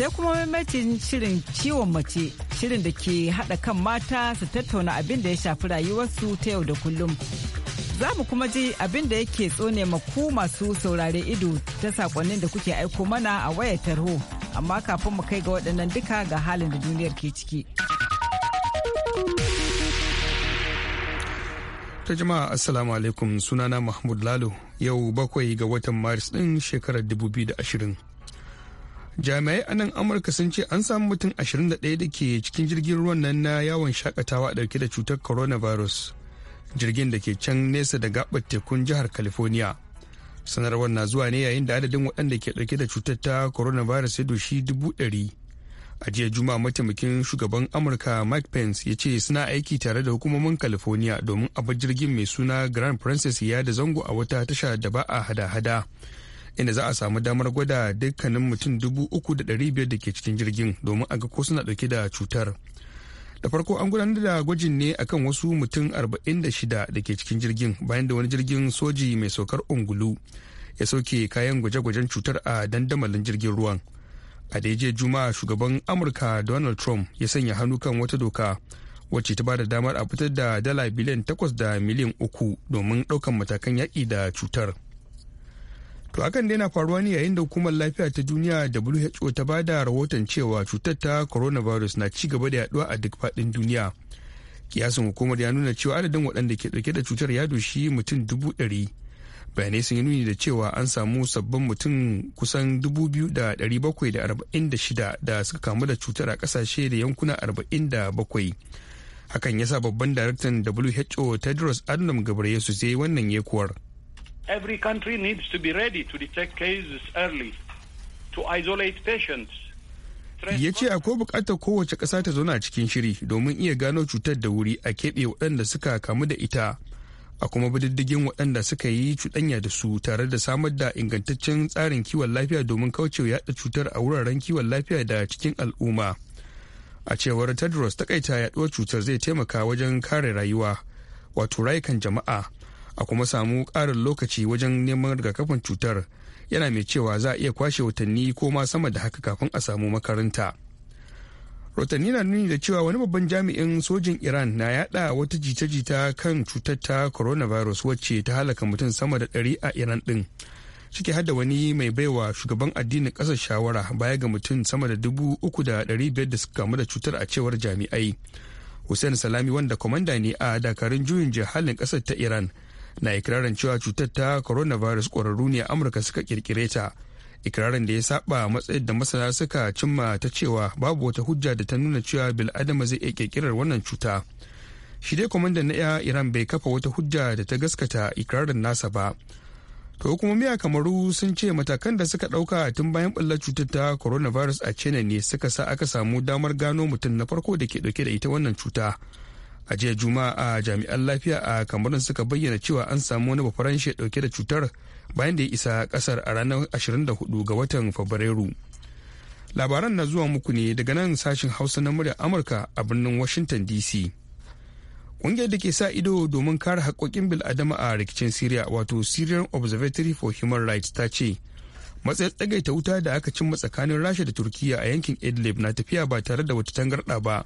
sai kuma maimacin shirin ciwon mace shirin da ke haɗa kan mata su tattauna abin da ya shafi rayuwarsu ta yau da kullum za mu kuma ji abin da yake tsone maku masu saurare ido ta sakonnin da kuke aiko mana a wayar tarho amma kafin mu kai ga waɗannan duka ga halin da duniyar ke ciki ta jama'a assalamu alaikum sunana mahmud lalo yau bakwai ga watan maris ɗin shekarar 2020 jami'ai a nan amurka sun ce an samu mutum 21 da ke cikin jirgin ruwan nan na yawon shakatawa dauke da cutar coronavirus jirgin da ke can nesa da gabar tekun jihar california sanarwar na zuwa ne yayin da adadin waɗanda ke dauke da cutar ta coronavirus ya doshi dubu ɗari a jiya juma mataimakin shugaban amurka mike pence ya ce suna aiki tare da hukumomin california domin abin jirgin mai suna grand princess ya da zango a wata tasha da ba a hada-hada inda za a samu damar gwada dukkanin mutum dubu uku da ɗari biyar da ke cikin jirgin domin a ga ko suna ɗauke da cutar da farko an gudanar da gwajin ne akan wasu mutum arba'in da shida da ke cikin jirgin bayan da wani jirgin soji mai saukar ungulu ya sauke kayan gwaje-gwajen cutar a dandamalin jirgin ruwan a daidai juma'a shugaban amurka donald trump ya sanya hannu kan wata doka wacce ta bada damar a fitar da dala biliyan takwas da miliyan uku domin ɗaukan matakan yaƙi da cutar. To akan yana faruwa ne yayin da hukumar lafiya ta duniya WHO ta ba da rahoton cewa cutar ta coronavirus na ci gaba da yaduwa a duk faɗin duniya. Kiyasin hukumar ya nuna cewa adadin waɗanda ke ɗauke da cutar ya doshi mutum dubu ɗari. Bayanai sun yi nuni da cewa an samu sabbin mutum kusan dubu biyu da ɗari bakwai da arba'in da shida da suka kamu da cutar a ƙasashe da yankuna arba'in da bakwai. Hakan ya sa babban daraktan WHO Tedros Adhanom Ghebreyesus ya yi wannan yekuwar. Every country needs to be ready to detect cases early, to isolate patients. Ya akwai bukatar kowace ƙasa ta zauna cikin shiri domin iya gano cutar da wuri a keɓe waɗanda suka kamu da ita, a kuma bididdigin waɗanda suka yi cuɗanya da su tare da samar da ingantaccen tsarin kiwon lafiya domin kaucewa yaɗa cutar a wuraren kiwon lafiya da cikin al'umma. a cewar tedros takaita yaɗuwar cutar zai taimaka wajen kare rayuwa wato rayukan jama'a a kuma samu ƙarin lokaci wajen neman rigakafin cutar yana mai cewa za a iya kwashe watanni ko ma sama da haka kafin a samu makaranta rotanni na nuni da cewa wani babban jami'in sojin iran na yada wata jita-jita kan cutar ta coronavirus wacce ta halaka mutum sama da ɗari a iran ɗin ciki hada wani mai baiwa shugaban addinin ƙasar shawara baya ga mutum sama da dubu uku da ɗari biyar da suka kamu da cutar a cewar jami'ai hussein salami wanda kwamanda ne a dakarun juyin jihalin ƙasar ta iran na ikirarin cewa cutar ta coronavirus kwararru ne a amurka suka kirkire ta ikirarin da ya saba matsayin da masana suka cimma ta cewa babu wata hujja da ta nuna cewa bil'adama zai iya kirkirar wannan cuta shi dai kwamandan na iran bai kafa wata hujja da ta gaskata ikirarin nasa ba to hukumomi a kamaru sun ce matakan da suka dauka tun bayan bullar cutar ta coronavirus a china ne suka sa aka samu damar gano mutum na farko da ke dauke da ita wannan cuta a jiya juma'a a jami'an lafiya a kamarun suka bayyana cewa an samu wani shi dauke da cutar bayan da ya isa kasar a ranar 24 ga watan fabrairu labaran na zuwa muku ne daga nan sashen hausa na muryar amurka a birnin washington dc ƙungiyar da ke sa ido domin kare haƙoƙin bil'adama a rikicin syria wato syrian observatory for human rights ta ce matsayin tsagaita wuta da aka cimma tsakanin rasha da turkiya a yankin idlib na tafiya ba tare da wata tangarɗa ba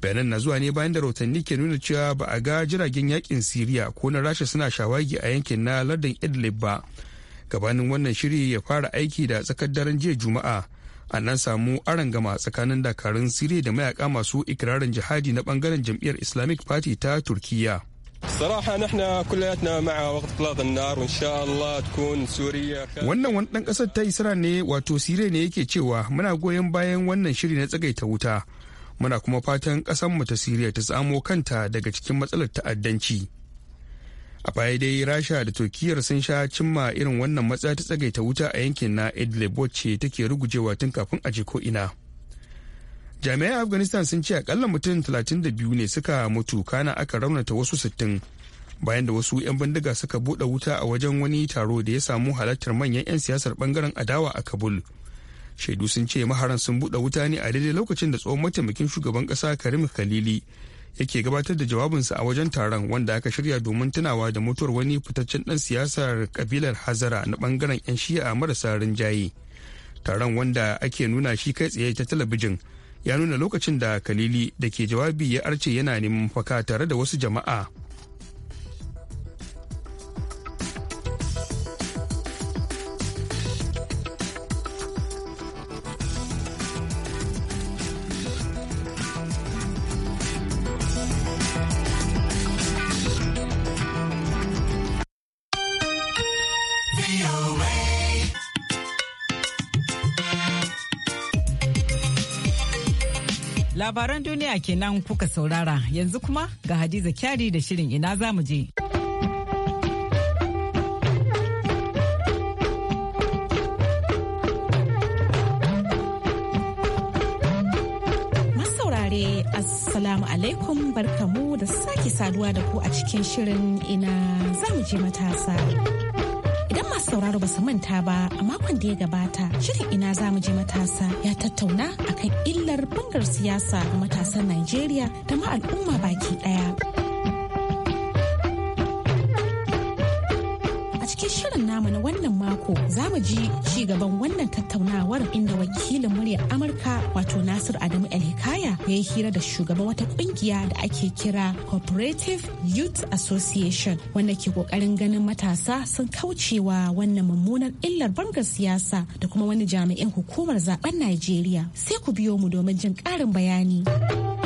bayanan na zuwa ne bayan da rahotanni ke nuna cewa ba a ga jiragen yakin siriya ko na rasha suna shawagi a yankin na lardin idlib ba gabanin wannan shiri ya fara aiki da tsakar daren jiya juma'a a nan samu gama tsakanin dakarun siriya da mayaka masu ikirarin jihadi na bangaren jam'iyyar islamic party ta turkiya صراحة نحن كلياتنا مع وقت النار شاء الله تكون سوريا wannan wani ɗan ƙasar ta Isra ne wato Siriya ne yake cewa muna goyon bayan wannan shiri na tsagaita wuta muna kuma fatan mu ta siriya ta tsamo kanta daga cikin matsalar ta'addanci a baya dai rasha da turkiyar sun sha cimma irin wannan matsaya ta tsagaita wuta a yankin na idlib wacce take rugujewa tun kafin a je ko'ina jami'ai afghanistan sun ce akalla mutum 32 ne suka mutu kana aka raunata wasu 60 bayan da wasu 'yan bindiga suka buɗe wuta a wajen wani taro da ya samu halartar manyan 'yan siyasar bangaren adawa a kabul shaidu sun ce maharan sun buɗe wuta ne a daidai lokacin da tsohon mataimakin shugaban ƙasa karim khalili yake gabatar da jawabinsa a wajen taron wanda aka shirya domin tunawa da mutuwar wani fitaccen ɗan siyasar kabilar hazara na ɓangaren 'yan shi'a marasa rinjaye taron wanda ake nuna shi kai tsaye ta talabijin ya nuna lokacin da kalili da ke jawabi ya arce yana neman faka tare da wasu jama'a Labaran duniya kenan kuka saurara yanzu kuma ga Hadiza Kyari da shirin ina za mu je. Masaurare Assalamu alaikum barkamu da sake saduwa da ku a cikin shirin ina za mu je matasa. Idan masu sauraro ba su manta ba a makon da ya gabata shirin ina za mu je matasa ya tattauna akan illar bangar siyasa ga matasan Najeriya da ma al'umma baki daya. cikin shirin namu na wannan mako za mu ji ci gaban wannan tattaunawar inda wakilin murya Amurka wato Nasir Adamu alhikaya ya yi hira da shugaban wata kungiya da ake kira Cooperative Youth Association wanda ke kokarin ganin matasa sun kaucewa wannan mummunar illar bangar siyasa da kuma wani jami'in hukumar zaben Najeriya. Sai ku biyo mu domin jin ƙarin bayani.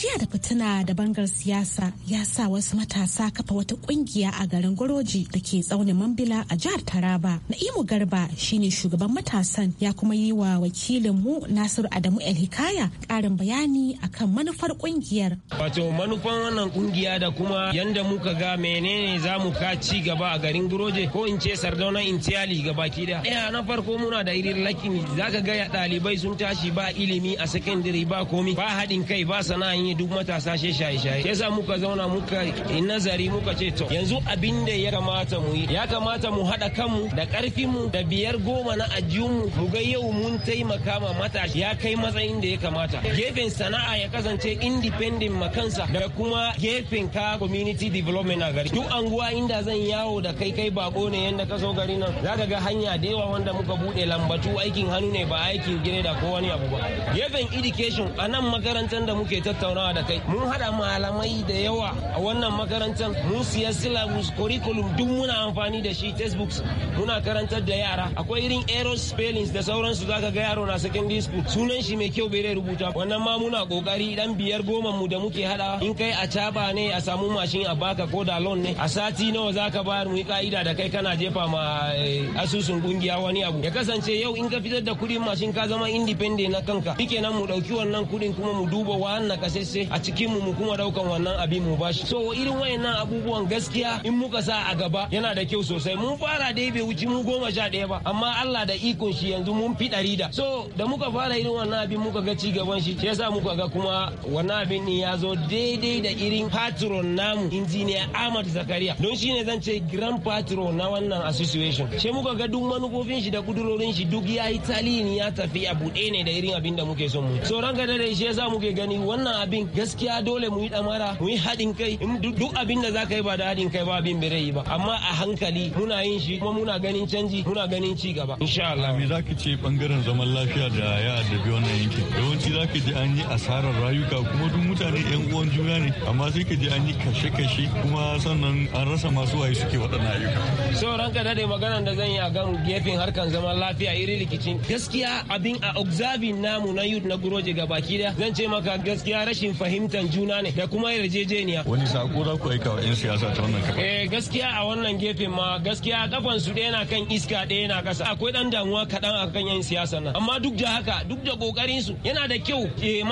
Jiya da fitina da bangar siyasa ya sa wasu matasa kafa wata kungiya a garin Goroji da ke tsaunin Mambila a jihar Taraba. Na'imu Garba shine shugaban matasan ya kuma yi wa wakilinmu Nasiru Adamu El Hikaya karin bayani akan manufar kungiyar. Wato manufan wannan kungiya da kuma yanda muka ga menene za mu ka ci gaba a garin goroji ko in ce Sardauna Intiyali gaba ki da. Ɗaya na farko muna da irin lakin zaka ga ɗalibai sun tashi ba ilimi a sakandare ba komi ba haɗin kai ba sana'a ne duk matasa she shaye shaye yasa muka zauna muka nazari muka ce to yanzu abin da ya kamata mu yi ya kamata mu haɗa kanmu da ƙarfinmu da biyar goma na ajiyunmu mu ga yau mun taimaka ma matashi ya kai matsayin da ya kamata gefen sana'a ya kasance independent makansa da kuma gefen ka community development a gari duk anguwa inda zan yawo da kai kai bako ne yanda ka so gari nan zaka ga hanya da yawa wanda muka buɗe lambatu aikin hannu ne ba aikin gire da ko wani abu ba gefen education a nan makarantar da muke tattauna tattaunawa da kai mun haɗa malamai da yawa a wannan makarantar mun siya syllabus curriculum duk muna amfani da shi textbooks muna karantar da yara akwai irin error spellings da sauransu zaka ga yaro na secondary school sunan shi mai kyau bai rubuta wannan ma muna kokari dan biyar goma mu da muke hada in kai a caba ne a samu mashin a baka ko da loan ne a sati nawa zaka bayar mu ka'ida da kai kana jefa ma eh, asusun kungiya wani abu ya kasance yau in ka fitar da kudin mashin ka zama independent na kanka shikenan mu ɗauki wannan kuɗin kuma mu duba wannan kashe sai a cikin mu mu kuma daukan wannan abin mu bashi so irin wayannan abubuwan gaskiya in muka sa a gaba yana da kyau sosai mun fara dai bai wuce mu goma sha ɗaya ba amma Allah da ikon shi yanzu mun fi ɗari da so da muka fara irin wannan abin muka ga cigaban shi shi yasa muka ga kuma wannan abin din ya zo daidai da irin patron namu injiniya Ahmad Zakariya don shi ne zan ce grand patron na wannan association sai muka ga duk manufofin shi da kudurorin shi duk ya yi taliyin ya tafi a buɗe ne da irin abin da muke so mu so ranka da shi yasa muke gani wannan abin gaskiya dole mu yi damara mu yi haɗin kai duk abin da za ka yi ba da haɗin kai ba abin bai yi ba amma a hankali muna yin shi kuma muna ganin canji muna ganin ci gaba insha Allah me zaka ce bangaren zaman lafiya da ya addabi wannan yankin yawanci zaka ji an yi asarar rayuka kuma duk mutane yan uwan juna ne amma sai ka ji an yi kashe-kashe kuma sannan an rasa masu waye suke waɗannan ayyuka sauran ka dade maganar da zan yi a gan gefen harkan zaman lafiya iri rikicin gaskiya abin a observing namu na youth na guroje gabaki da zan ce maka gaskiya rashin rashin fahimtar juna ne da kuma yarjejeniya wani sako za ku aika wa 'yan siyasa ta wannan kafa eh gaskiya a wannan gefen ma gaskiya kafan su ɗaya na kan iska ɗaya na kasa akwai dan damuwa kaɗan a kan 'yan siyasa nan amma duk da haka duk da kokarin su yana da kyau eh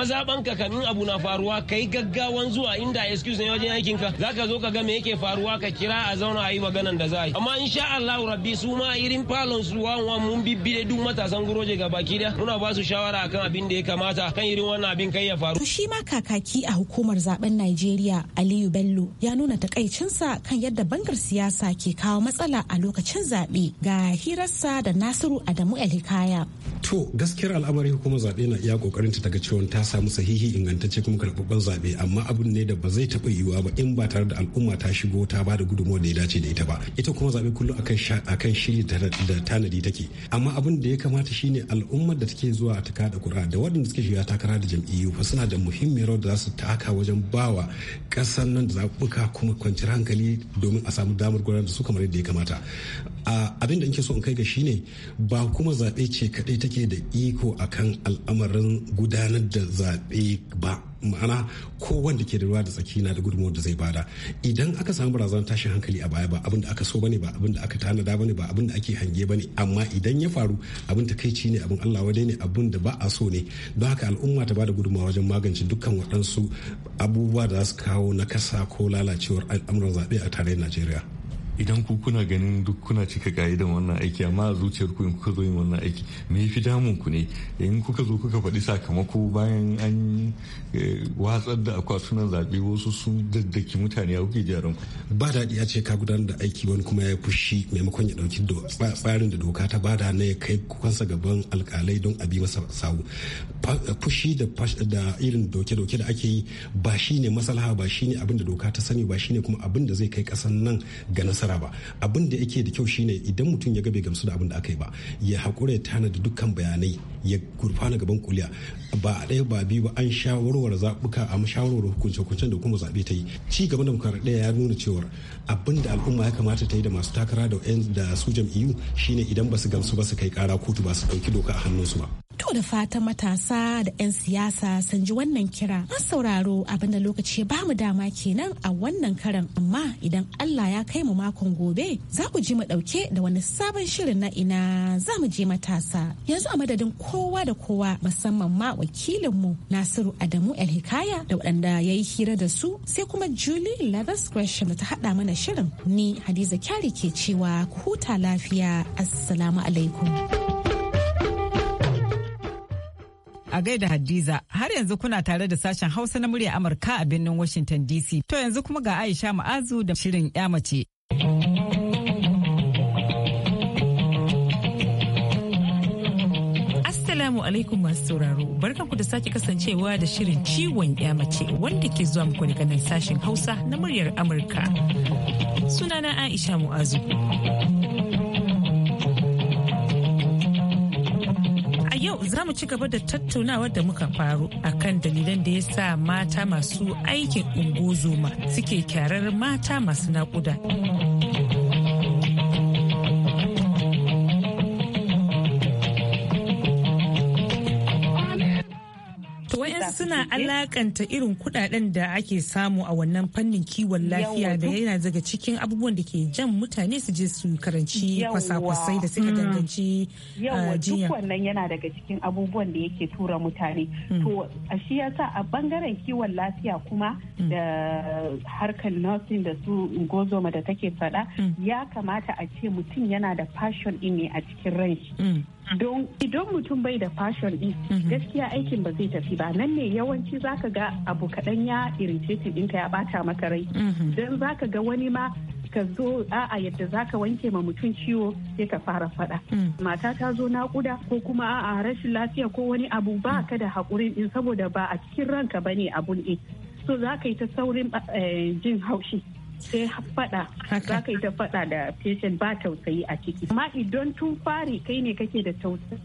ka kamin abu na faruwa kai gaggawan zuwa inda excuse ne wajen aikin ka zaka zo ka ga me yake faruwa ka kira a zauna a yi maganan da za a yi amma insha Allah rabbi su ma irin falon su wan mun bibbide duk matasan guroje ga baki da muna ba su shawara akan abin da ya kamata kan irin wannan abin kai ya faru shi ma ka kakaki a hukumar zaben Najeriya Aliyu Bello ya nuna takaicinsa kan yadda bangar siyasa ke kawo matsala a lokacin zaɓe ga hirarsa da Nasiru Adamu Elhikaya. To gaskiyar al'amari hukumar zaɓe na iya kokarin ta daga cewa ta samu sahihi ingantacce kuma karɓaɓɓen zaɓe amma abin ne da ba zai taɓa yiwuwa ba in ba tare da al'umma ta shigo ta ba da gudunmawar da ya dace da ita ba. Ita kuma zaɓe kullum akan shiri da tanadi take amma abin da ya kamata shine al'ummar da take zuwa ta kada kura da waɗanda suke shiga takara da jam'iyyu fa suna da muhimmiyar rawar da za su taka wajen bawa ƙasar nan da zaɓuka kuma kwanciyar hankali domin a samu damar gudanar da su kamar yadda ya kamata abin da in so in kai ga shi ne ba kuma zaɓe ce kaɗai take da iko akan al'amarin gudanar da zaɓe ba ma'ana ko wanda ke da ruwa da tsaki na da gudunmawar da zai bada idan aka samu barazanar tashin hankali a baya ba abin aka so bane ba abin aka tanada bane ba abinda ake hange bane amma idan ya faru abin takaici ne abin Allah wadai ne abin da ba a so ne don haka al'umma ta bada gudunmawa wajen magance dukkan waɗansu abubuwa da za su kawo nakasa ko lalacewar al'amuran zaɓe a tarayyar Najeriya. idan ku kuna ganin duk kuna cika ka'idan wannan aiki amma a zuciyar ku in kuka zo yin wannan aiki me yafi damun ku ne in kuka zo kuka faɗi sakamako bayan an eh, watsar da akwatunan zaɓe wasu sun daddaki mutane a kuke jaran ku ba daɗi ya ce ka gudanar da aiki wani kuma ya fushi maimakon ya ɗauki tsarin da doka ta bada na ya kai kukansa gaban alkalai don a bi masa sawu fushi da irin doke-doke da ake yi ba shi ne masalaha ba shi ne abin da doka ta sani ba shi ne kuma abin da zai kai ƙasan nan ga nasara nasara ba abin da yake da kyau shine idan mutum ya ga bai gamsu da abin da aka yi ba ya haƙura ya tana da dukkan bayanai ya gurfana gaban kuliya ba a ɗaya ba biyu ba an shawarwar zaɓuka a shawarwar hukunce hukuncen da kuma zaɓe ta yi ci gaba da ɗaya ya nuna cewar abin da al'umma ya kamata ta yi da masu takara da da su jam'iyyu shine idan ba su gamsu ba su kai kara kotu ba su ɗauki doka a hannunsu ba. To da fata matasa da 'yan siyasa sun ji wannan kira an sauraro abinda lokaci ba mu dama kenan a wannan karan amma idan Allah ya kai mu mako makon gobe za ku ji mu ɗauke da wani sabon shirin na ina za mu je matasa. Yanzu a madadin kowa da kowa musamman ma wakilinmu Nasiru Adamu hikaya da waɗanda ya yi hira da su sai kuma Julie Lathers Gresham da ta haɗa mana shirin ni Hadiza Kyari ke cewa ku huta lafiya Assalamu alaikum. a gaida Hadiza har yanzu kuna tare da sashen Hausa na murya Amurka a birnin Washington DC. To yanzu kuma ga Aisha Ma'azu da shirin 'ya mace. Assalamu alaikum masu sauraro barkanku da sake kasancewa da shirin ciwon mace wanda ke zuwa muku daga nan sashen Hausa na muryar Amurka. Sunana Aisha Mu'azu. yau za mu ci gaba da tattaunawar da muka faru akan dalilan da ya sa mata masu aikin ungozoma suke kyarar mata masu naƙuda. suna alakanta irin kudaden da ake samu a wannan fannin kiwon lafiya da yana daga cikin abubuwan da ke jan mutane su je su karanci kwasa-kwasai da suka mm. danganci uh, jinya. Yawa wannan yana daga cikin abubuwan da yake tura mutane. Mm. To a shi yasa a bangaren kiwon lafiya kuma mm. da harkar nursing da su gozoma da take faɗa ya kamata a ce mutum yana da passion ne a cikin ranshi. don idan mutum bai da fashion din mhm. gaskiya aikin ba zai tafi ba nan ne yawanci zaka ga abu kaɗan ya irritating ɗinka ya bata maka rai mhm. don zaka ga wani ma ka zo a'a yadda zaka wanke ma mutum ciwo sai ka fara faɗa. Mm. Mata ta zo naƙuda ko kuma a rashin lafiya ko wani abu ba ka da haƙurin din saboda ba a cikin ranka bane abun din. So za yi ta saurin eh, jin haushi. sai faɗa za ka yi ta faɗa da patient ba tausayi a ciki amma idan tun fari kai ne kake da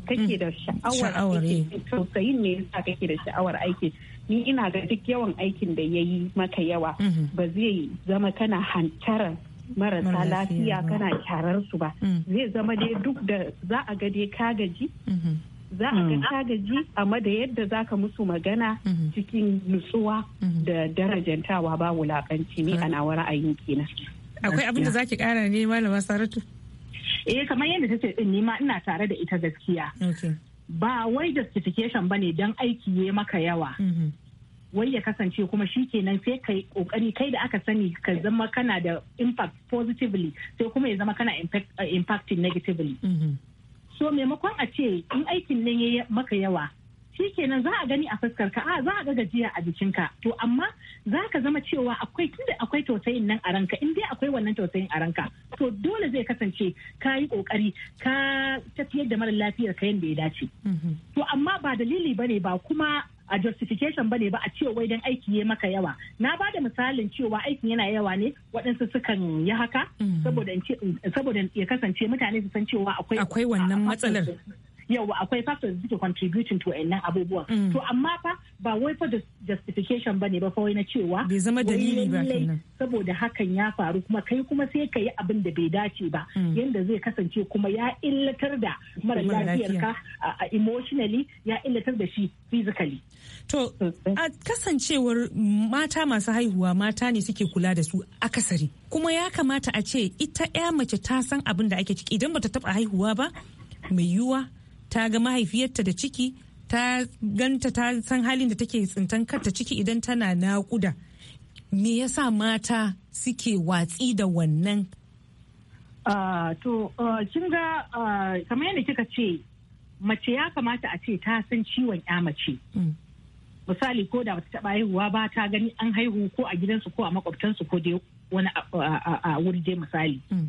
kake mm. da sha'awar eh. tausayin ne yasa kake da sha'awar aiki ni ina ga duk yawan aikin da ya yi maka yawa mm-hmm. ba zai zama kana hantara marasa lafiya kana kyarar su ba mm. zai zama dai duk da za a ga dai ka gaji mm-hmm. za a ga tagaji mm. amma da yadda za ka musu magana mm-hmm. cikin nutsuwa mm-hmm. da darajantawa ba wulakanci ne a nawa ra'ayin kenan. Akwai abin da za ki kara ne malama Saratu? Eh kamar yadda ta ce din ma ina tare da ita gaskiya. Ba wai justification ne don aiki ya maka yawa. Mm-hmm. wai ya kasance kuma shi kenan sai kai kokari kai da aka sani ka zama kana da impact positively sai kuma ya zama kana impact eh, negatively. so maimakon a ce in aikin nan ya maka yawa shikenan za a gani a fuskar ka a za a ga gajiya a jikinka to amma za ka zama cewa akwai tunda akwai tausayin nan a ranka in dai akwai wannan tausayin a ranka to dole zai kasance ka yi kokari ka tafiyar da mara lafiyar ka yadda ya dace mm-hmm. to amma ba dalili bane ba kuma a justification bane ba a ce wai dan aiki ya maka yawa na ba da misalin cewa aikin yana yawa ne waɗansu sukan yi haka mm. saboda ya kasance mutane su san cewa akwai wannan matsalar yawa akwai factors da suke contributing to wayannan abubuwan mm. to amma fa ba wai fa justification ne ba kawai na cewa bai zama dalili ba saboda hakan ya faru kuma kai kuma sai ka yi abin da bai dace ba mm. yanda zai kasance kuma ya illatar da mara lafiyarka emotionally ya illatar da shi physically to a kasancewar mata masu haihuwa mata ne suke kula da su akasari kuma ya kamata a ce ita 'ya mace ta san abin da ake ciki idan bata taɓa haihuwa ba mai yiwuwa ta ga mahaifiyarta da ciki ta ganta ta san halin da take tsintan karta ciki idan tana naƙuda me yasa mata suke watsi da wannan ah, to ah, kin ga ah, kamar yadda kika ce mace ya kamata a ce ta san ciwon ya mace mm. misali ko da bata taba haihuwa ba ta gani an haihu ko a gidansu ko a makwabtansu ko dai wani a wuri dai misali mm.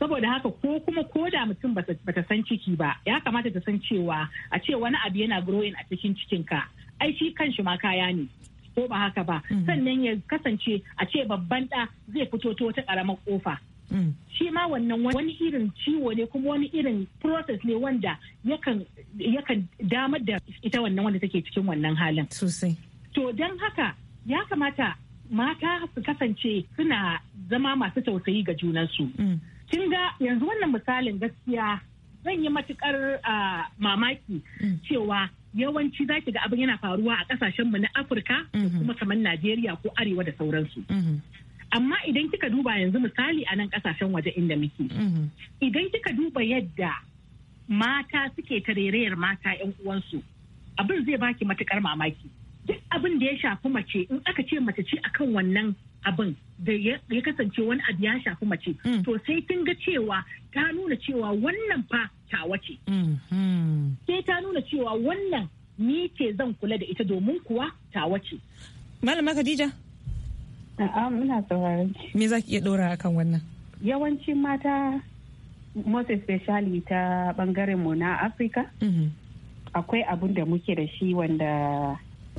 saboda haka ko kuma ko da mutum bata san ciki ba ya kamata ta san cewa a ce wani abu yana growing a cikin cikinka ai shi kanshi ma kaya ne ko ba haka ba mm-hmm. sannan ya kasance a ce babban da zai fito ta wata karamar kofa mm. shi ma wannan wani irin ciwo ne kuma wani irin process ne wanda yakan damar da ita wannan wanda take cikin wannan halin sosai to don haka ya kamata mata su kasance suna zama masu tausayi ga su. kin ga yanzu wannan misalin gaskiya zan yi matukar mamaki mm. cewa yawanci za ki ga abin yana faruwa a kasashen mu na Afirka mm-hmm. kuma kamar Najeriya ko Arewa da sauransu. Mm-hmm. Amma idan kika duba yanzu misali a nan kasashen waje inda muke. Mm-hmm. Idan kika duba yadda mata suke ta tarerayar mata 'yan uwansu abin zai baki matukar mamaki. Duk abin da ya shafi mace in aka ce mace ce akan wannan abin da ya kasance wani abu ya shafi mace hmm. to sai kin ga cewa ta nuna cewa wannan fa tawa ce mm-hmm. sai ta nuna cewa wannan ni ce zan kula da ita domin kuwa tawa ce malama khadija a'a muna saurari. me za ki iya dora akan wannan yawancin mata most especially ta bangaren mu na afirka mm-hmm. akwai abun da muke da shi wanda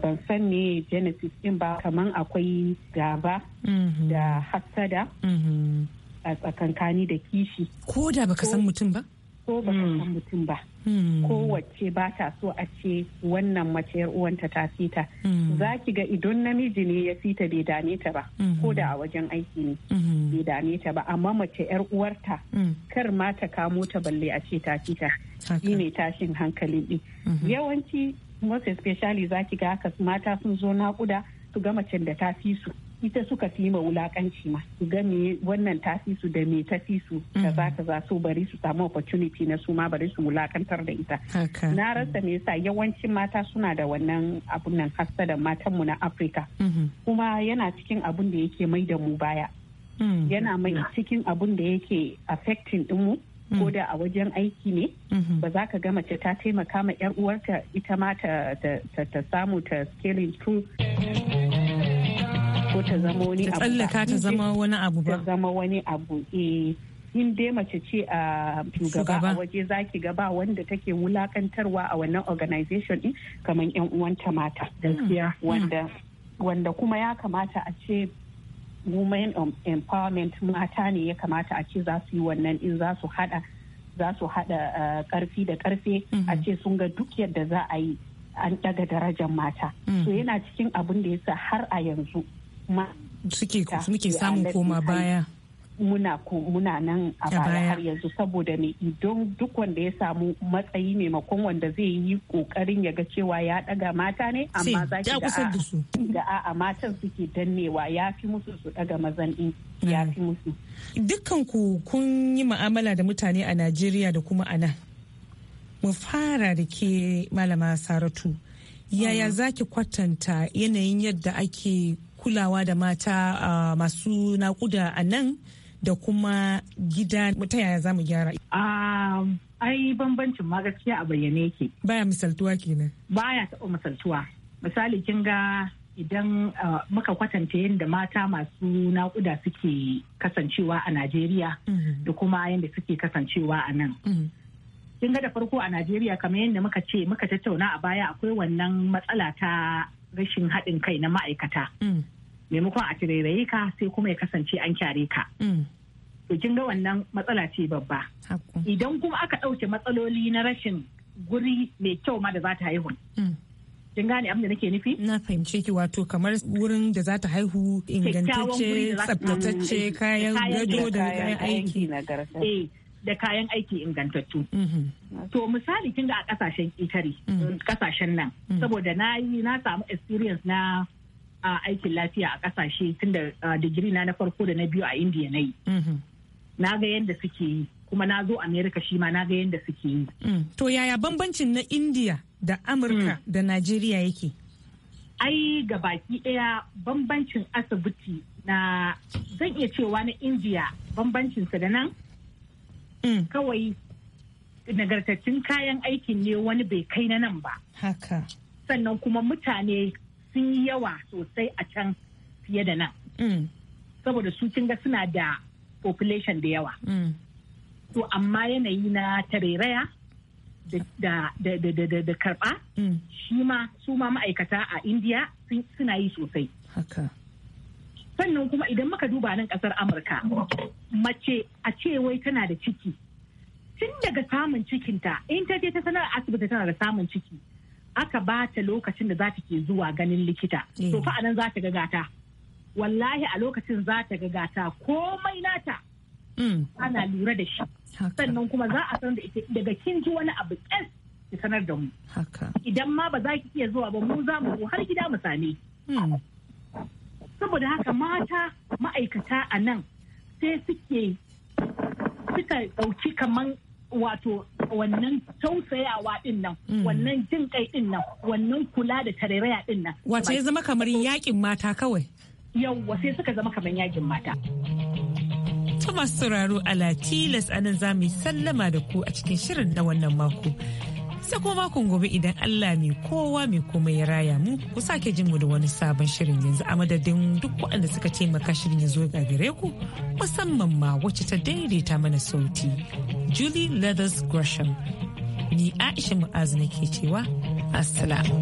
ban san me genesis din ba kaman akwai gaba mhm. da hassada mhm. a tsakankani da kishi ko da baka san mutum ba ko baka san hmm. mutum ba hmm. kowace ba ta so a ce wannan mace yar uwanta ta fita hmm. za ki ga idon namiji ne ya fita bai dame ta ba ko da a wajen aiki ne bai dame ta ba amma mace yar uwarta kar ma ta kamo ta balle a ce ta fita shine tashin hankali ɗin. yawanci most especially za ga haka mata sun zo naƙuda su ga macen da ta fi su ita suka fi ma wulakanci ma su ga me wannan ta fi su da me ta fi su da mm. za ta za so bari su samu opportunity na su ma bari su wulakantar da ita na rasa me yasa yawancin mata suna da wannan abun nan da matan mu na Africa mm-hmm. kuma yana cikin abun da yake mai da mu baya mm. yana mai cikin abun da yake affecting din mu ko mm. da a wajen aiki ne mm-hmm. ba za ka ga mace ta taimaka ma 'yar uwarta ita ma ta samu ta scaling through ko ta zama wani abu tsallaka ta zama wani abu ba ta zama wani abu eh in dai mace ce ah, a shugaba a waje zaki ga ba wanda take wulakantarwa a wannan organization din kamar yan uwanta mata mm. gaskiya wanda wanda kuma ya kamata a ce women empowerment mata ne ya kamata a ce za su yi wannan in za su hada za su hada karfi eh, da karfe mhm. a ce sun ga duk yadda za a yi an daga darajar mata mhm. so yana cikin abin da ya sa har a yanzu suke samun koma baya muna muna nan a baya har yanzu saboda me idan duk wanda ya samu matsayi maimakon wanda zai yi kokarin ya ga cewa ya daga mata ne amma za ki da a matan suke dannewa ya fi musu su daga mazan din ya eh. fi musu dukkan ku kun yi ma'amala da mutane a Najeriya da kuma a nan mu fara da ke malama Saratu yaya mm. zaki kwatanta yanayin yadda ake kulawa da mata ah, masu nakuda a nan da kuma gida ta yaya za mu gyara? Um, ai bambancin ma gaskiya a bayyane yake. Baya misaltuwa kenan. Baya taɓa misaltuwa. Misali kin ga idan uh, muka kwatanta yadda mata masu naƙuda suke kasancewa a Najeriya mm-hmm. da kuma yadda suke kasancewa a nan. Mm-hmm. Kin ga da farko a Najeriya kamar yadda muka ce muka tattauna a baya akwai wannan matsala ta rashin haɗin kai na ma'aikata. Mm. maimakon a tarairaye ka sai kuma ya kasance an kyare ka mm. to kin ga wannan matsala ce babba idan kuma aka ɗauke matsaloli na rashin guri mai kyau ma da za ta haihu mm. kin gane abin da nake nufi na fahimce ki wato kamar wurin da za ta haihu ingantacce tsaftatacce kayan gado da kayan aiki eh, da kayan aiki ingantattu. Mhm. To misali kin ga a kasashen ƙetare, kasashen mm. nan saboda na yi na samu experience na a aikin lafiya a kasashe tun da digiri na na farko da na biyu a indiya na yi mm-hmm. na ga yadda suke yi kuma na zo amerika shi ma na ga yadda suke yi mm. to yaya bambancin na indiya da amurka mm. da najeriya yake ai ga baki ɗaya bambancin asibiti na zan iya cewa na indiya bambancinsa da nan mm. kawai nagartattun kayan aikin ne wani bai kai na nan ba haka sannan kuma mutane sun yi yawa sosai a can fiye da nan mm. saboda su kin ga suna da population da yawa mm. to amma yanayi na tarairaya da karba mm. shi ma su ma ma'aikata a indiya suna yi sosai sannan kuma idan muka duba nan ƙasar amurka mace a ce wai tana da ciki tun daga samun cikinta in ta je ta sanar asibiti tana da samun ciki aka ba ta lokacin da za ta ke zuwa ganin likita eh. to fa anan za ta ga wallahi a lokacin za ta ga gata komai nata mm. ana lura da shi sannan kuma za a san da ita daga kin ji wani abu ƙes ki sanar da mu idan ma ba za ki iya zuwa ba mu za mu har gida mu same mm. saboda haka mata ma'aikata a nan sai suke suka ɗauki kaman wato wannan tausayawa din nan mm. wannan jin kai din nan wannan kula da tarairaya din nan wace ya zama kamar yakin mata kawai yawwa sai suka zama kamar yakin mata ta masu sauraro ala tilas anan za sallama da ku a cikin shirin na wannan mako sai kuma makon gobe idan Allah mai kowa mai komai ya raya mu ku sake jin mu da wani sabon shirin yanzu a madadin duk waɗanda suka taimaka shirin ya zo ga gare ku musamman ma wacce ta daidaita mana sauti Julie Leathers Gresham ni Aisha Mu'azu nake cewa assalamu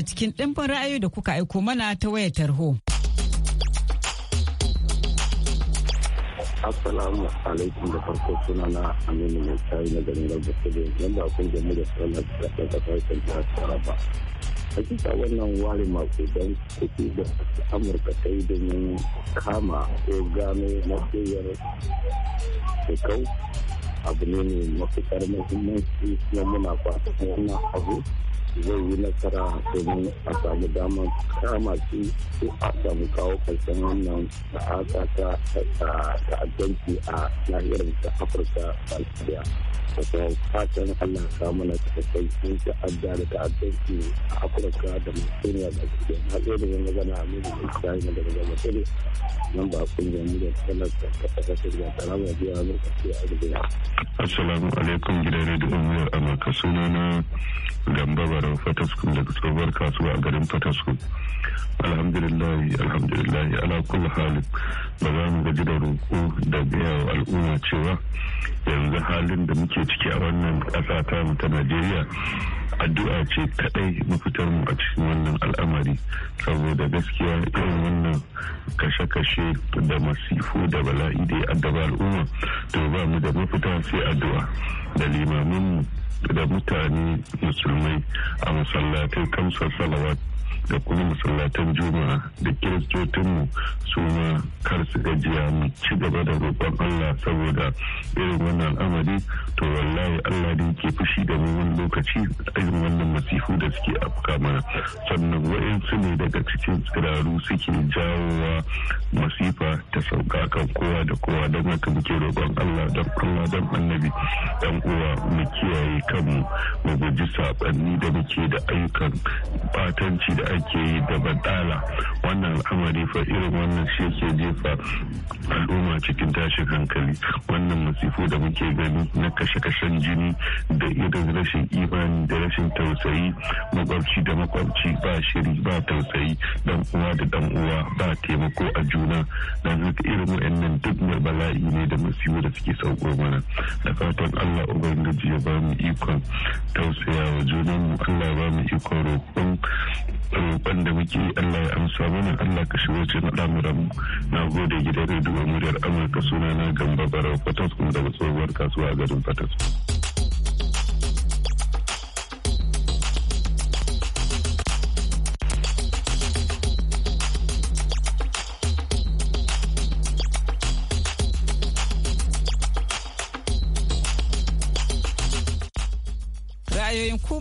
daga cikin ɗimbin ra'ayoyi da kuka aiko mana ta waya tarho. Assalamu alaikum da farko suna na Aminu mai tsari na garin Garba Kudu yan ba kun jamu da sallar da ta tsara Taraba. Hakika wannan ware masu don kuɗi da Amurka ta yi domin kama ko gano matsayar shekau abu ne mai karmar muhimmanci na muna kwasa wannan abu zai yi nasara domin a samu damar kama su ko a samu kawo karshen wannan ta'ata ta ta'addanci a nahiyar ta afirka baki daya da kuma fatan allah ta mana cikakken sun ta'adda da ta'addanci a afirka da macedonia da ke na tsaye da yin magana a mai da israeli na daga macedonia nan ba a kungiyar miliyan talar da ta kasa ta gida ta rama biya a lokaci a gida. assalamu alaikum gidan rediyon miyar amurka suna na gamba barau fataskun daga tsohuwar kasuwa a garin fataskun alhamdulillahi alhamdulillahi ala kulli halin ba za mu gaji da roƙo da gaya wa al'umma cewa yanzu halin da muke ciki a wannan ƙasa ta mu ta najeriya addu'a ce mu mafitar mu a cikin wannan al'amari saboda gaskiya irin wannan kashe-kashe da masifo da bala'i da ya addaba al'umma to ba mu da mafita sai addu'a da limamin mu da mutane musulmai a masallatai Kamsa salawat da kuma masallatan juma'a da kiristotinmu su ma kar su gajiya mu ci gaba da roƙon allah saboda irin wannan al'amari to wallahi allah da ke fushi da mu lokaci irin wannan masifu da suke afka mana sannan wa'insu ne daga cikin tsiraru suke jawowa masifa ta sauka kan kowa da kowa don haka muke roƙon allah don allah don annabi dan uwa mu kiyaye kanmu mu guji sabanni da muke da ayyukan batanci da ake yi da badala wannan al'amari fa irin wannan shi yake jefa al'umma cikin tashin hankali wannan masifu da muke gani na kashe-kashen jini da irin rashin imani da rashin tausayi makwabci da makwabci ba shiri ba tausayi dan uwa da dan uwa ba taimako a juna da haka irin wa'annan duk mai bala'i ne da masifu da suke sauko mana da fatan allah ubangiji ya ba mu ayyukan tausaya wa mu Allah ba mu ikon roƙon roƙon da muke Allah ya amsa mana Allah ka shigo ce na ɗamuran na gode gidan rediyo muryar Amurka suna na gamba barau Fatas kuma daga tsohuwar kasuwa a garin Fatas.